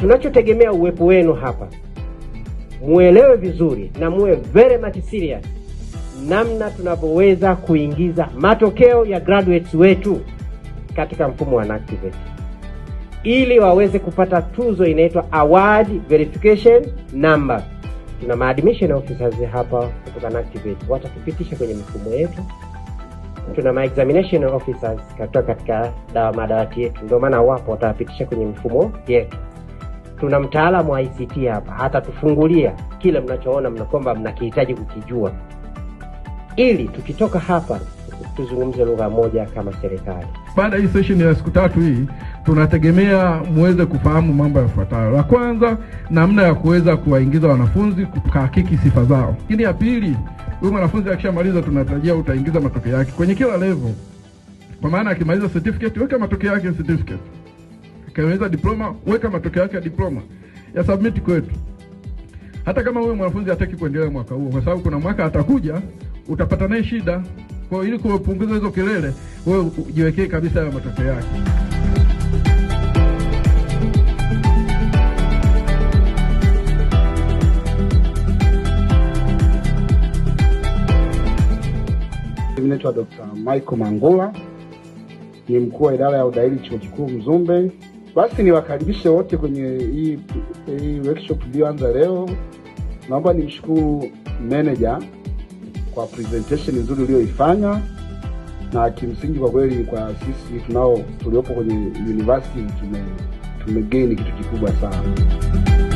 Tunachotegemea uwepo wenu hapa, muelewe vizuri na muwe very much serious namna tunavyoweza kuingiza matokeo ya graduates wetu katika mfumo wa NACTIVATE ili waweze kupata tuzo inaitwa award verification number. Tuna maadmission officers hapa kutoka NACTIVATE watatupitisha kwenye mfumo yetu. Tuna maexamination officers katoka katika dawa madawati yetu, ndio maana wapo watawapitisha kwenye mfumo yetu tuna mtaalamu wa ICT hapa, atatufungulia kile mnachoona mna kwamba mnakihitaji kukijua, ili tukitoka hapa tuzungumze lugha moja kama serikali. Baada ya hii session ya siku tatu hii, tunategemea muweze kufahamu mambo yafuatayo. La kwanza, namna ya kuweza kuwaingiza wanafunzi kuhakiki sifa zao. Lakini ya pili, huyu mwanafunzi akishamaliza, tunatarajia utaingiza matokeo yake kwenye kila level, kwa maana akimaliza certificate, weka matokeo yake certificate kaweza diploma, weka matokeo yake ya diploma ya submit kwetu, hata kama wewe mwanafunzi hataki kuendelea mwaka huo, kwa sababu kuna mwaka atakuja utapata naye shida. Kwa hiyo ili kupunguza hizo kelele, wewe ujiwekee kabisa hayo matokeo yake. Naitwa Dr. Michael Mangula, ni mkuu wa idara ya udahili chuo kikuu Mzumbe. Basi niwakaribishe wote kwenye hii, hii workshop iliyoanza leo. Naomba nimshukuru manager kwa presentation nzuri uliyoifanya, na kimsingi kwa kweli kwa sisi tunao tuliopo kwenye university tume kitu kikubwa sana.